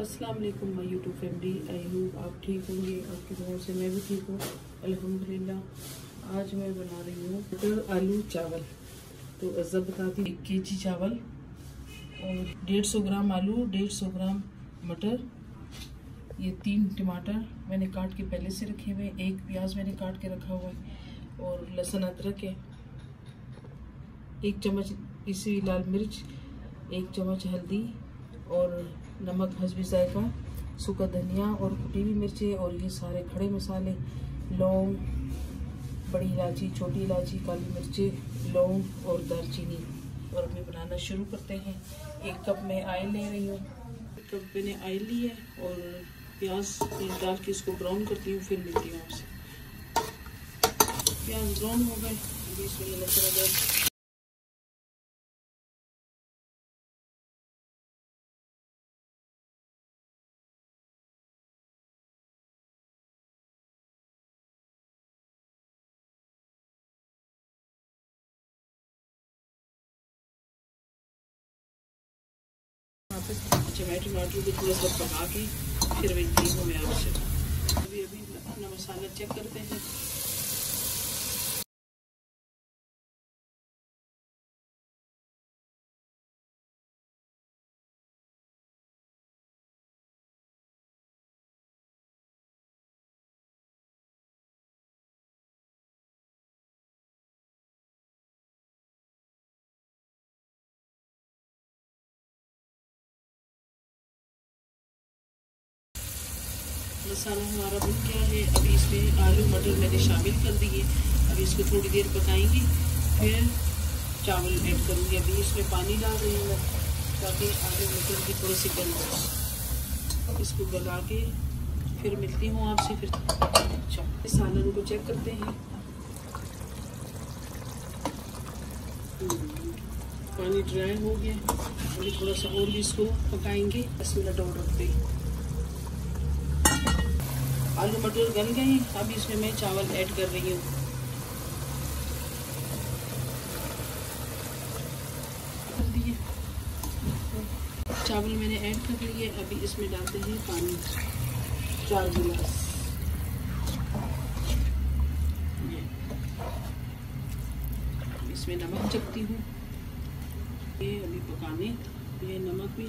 अस्सलाम वालेकुम my YouTube family I hope आप ठीक होंगे आपके घर से मैं भी ठीक हूँ अल्हम्दुलिल्लाह आज मैं बना रही हूँ मटर आलू चावल तो अज्जा बताती एक के जी चावल और डेढ़ सौ ग्राम आलू डेढ़ सौ ग्राम मटर ये तीन टमाटर मैंने काट के पहले से रखे हुए हैं एक प्याज मैंने काट के रखा हुआ है और लहसुन अदरक है एक चम्मच इसी लाल मिर्च एक चम्मच हल्दी और नमक हसबी जायका सूखा धनिया और कुटी हुई मिर्चें और ये सारे खड़े मसाले लौंग बड़ी इलायची छोटी इलायची काली मिर्चें लौंग और दालचीनी और हमें बनाना शुरू करते हैं एक कप में आयल ले रही हूँ एक कप मैंने आयल ली है और प्याज डाल के इसको ब्राउन करती हूँ फिर मिलती हूँ आपसे प्याज ब्राउन हो गए बीस मिनट थोड़ा अच्छा मैं टमाटर को थोड़ा सा पका के फिर मैं गेहूँ में आपसे अभी अभी अपना मसाला चेक करते हैं मसाला हमारा बन गया है अभी इसमें आलू मटर मैंने शामिल कर दिए अभी इसको थोड़ी देर पकाएंगे फिर चावल ऐड करूँगी अभी इसमें पानी डाल रही हूँ ताकि आलू मटर की थोड़ी सी गल जाए इसको गला के फिर मिलती हूँ आपसे फिर अच्छा सालन को चेक करते हैं हम्म, पानी ड्राई हो गया अभी थोड़ा सा और भी इसको पकाएंगे दस मिनट और रखते हैं आलू मटर गल गए हैं अब इसमें मैं चावल ऐड कर रही हूँ चावल मैंने ऐड कर लिए अभी इसमें डालते हैं पानी चार गिलास इसमें नमक चकती हूँ ये अभी पकाने ये नमक भी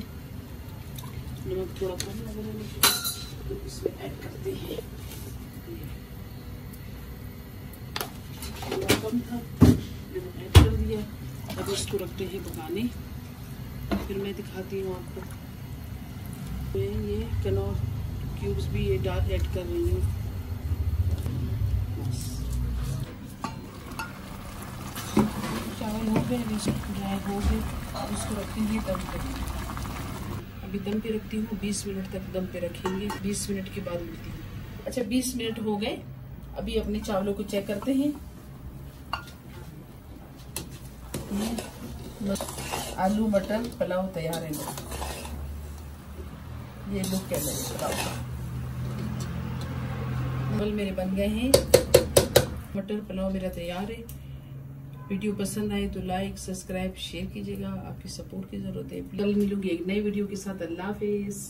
नमक थोड़ा कम लग रहा है तो इसमें ऐड करते हैं कम था मैंने ऐड कर दिया अब इसको रखते हैं पकाने फिर मैं दिखाती हूँ आपको मैं ये कनौर क्यूब्स भी ये डार्क ऐड कर रही हूँ चावल हो गए ड्राई हो गए उसको रखेंगे दम करेंगे अभी दम पे रखती हूँ 20 मिनट तक दम पे रखेंगे 20 मिनट के बाद मिलती हूँ अच्छा 20 मिनट हो गए अभी अपने चावलों को चेक करते हैं आलू मटर पुलाव तैयार है ये लुक कह रहे पुलाव का मेरे बन गए हैं मटर पुलाव मेरा तैयार है वीडियो पसंद आए तो लाइक सब्सक्राइब शेयर कीजिएगा आपकी सपोर्ट की ज़रूरत है कल मिलूंगी एक नई वीडियो के साथ अल्लाह हाफिज़